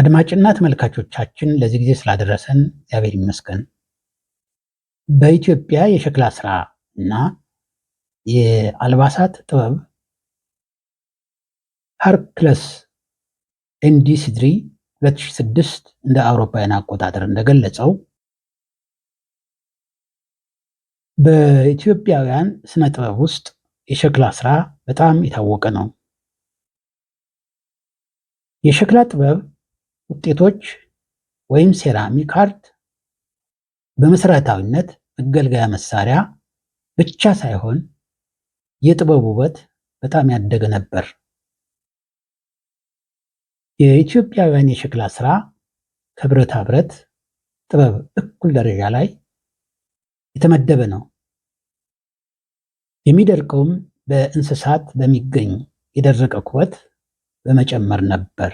አድማጭና ተመልካቾቻችን ለዚህ ጊዜ ስላደረሰን እግዚአብሔር ይመስገን። በኢትዮጵያ የሸክላ ስራ እና የአልባሳት ጥበብ ሀርክለስ ኢንዲስትሪ 2006 እንደ አውሮፓውያን አቆጣጠር እንደገለጸው በኢትዮጵያውያን ስነ ጥበብ ውስጥ የሸክላ ስራ በጣም የታወቀ ነው። የሸክላ ጥበብ ውጤቶች (ሴራሚክ አርት) በመሠረታዊነት መገልገያ መሳሪያ ብቻ ሳይሆን የጥበብ ውበት በጣም ያደገ ነበር። የኢትዮጵያውያን የሸክላ ስራ ከብረታ ብረት ጥበብ እኩል ደረጃ ላይ የተመደበ ነው። የሚደርቀውም በእንስሳት በሚገኝ የደረቀ ኩበት በመጨመር ነበር።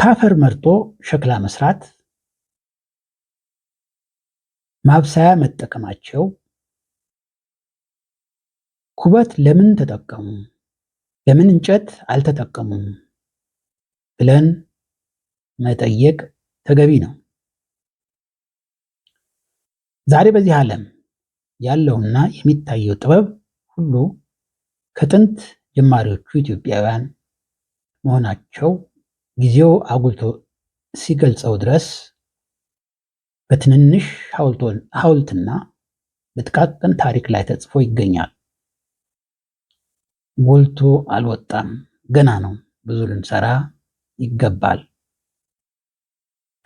ከአፈር መርጦ ሸክላ መስራት ማብሰያ መጠቀማቸው ኩበት ለምን ተጠቀሙ ለምን እንጨት አልተጠቀሙም ብለን መጠየቅ ተገቢ ነው። ዛሬ በዚህ ዓለም ያለውና የሚታየው ጥበብ ሁሉ ከጥንት ጀማሪዎቹ ኢትዮጵያውያን መሆናቸው ጊዜው አጉልቶ ሲገልጸው ድረስ በትንንሽ ሐውልትና በጥቃቅን ታሪክ ላይ ተጽፎ ይገኛል። ጎልቶ አልወጣም፣ ገና ነው። ብዙ ልንሰራ ይገባል።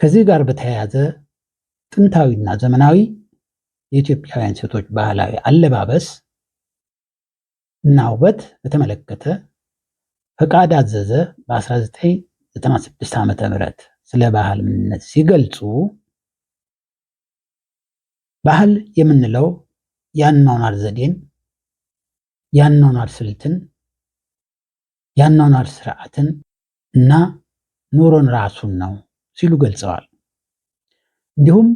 ከዚህ ጋር በተያያዘ ጥንታዊና ዘመናዊ የኢትዮጵያውያን ሴቶች ባህላዊ አለባበስ እና ውበት በተመለከተ ፈቃድ አዘዘ በ19 96 ዓመተ ምህረት ስለ ባህል ምንነት ሲገልጹ ባህል የምንለው የአኗኗር ዘዴን፣ የአኗኗር ስልትን፣ የአኗኗር ስርዓትን እና ኑሮን ራሱን ነው ሲሉ ገልጸዋል። እንዲሁም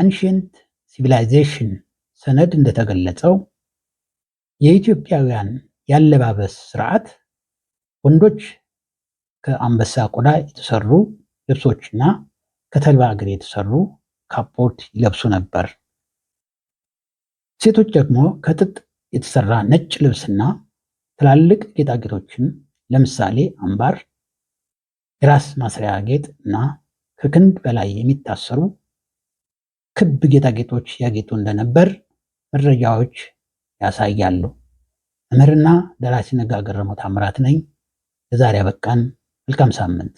አንሽንት ሲቪላይዜሽን ሰነድ እንደተገለጸው የኢትዮጵያውያን ያለባበስ ስርዓት ወንዶች ከአንበሳ ቆዳ የተሰሩ ልብሶችና ከተልባ እግር የተሰሩ ካፖርት ይለብሱ ነበር። ሴቶች ደግሞ ከጥጥ የተሰራ ነጭ ልብስና ትላልቅ ጌጣጌጦችን ለምሳሌ አምባር፣ የራስ ማስሪያ ጌጥ እና ከክንድ በላይ የሚታሰሩ ክብ ጌጣጌጦች ያጌጡ እንደነበር መረጃዎች ያሳያሉ። መምህርና ደራሲ ነጋገር ታምራት ነኝ። ለዛሬ አበቃን። መልካም ሳምንት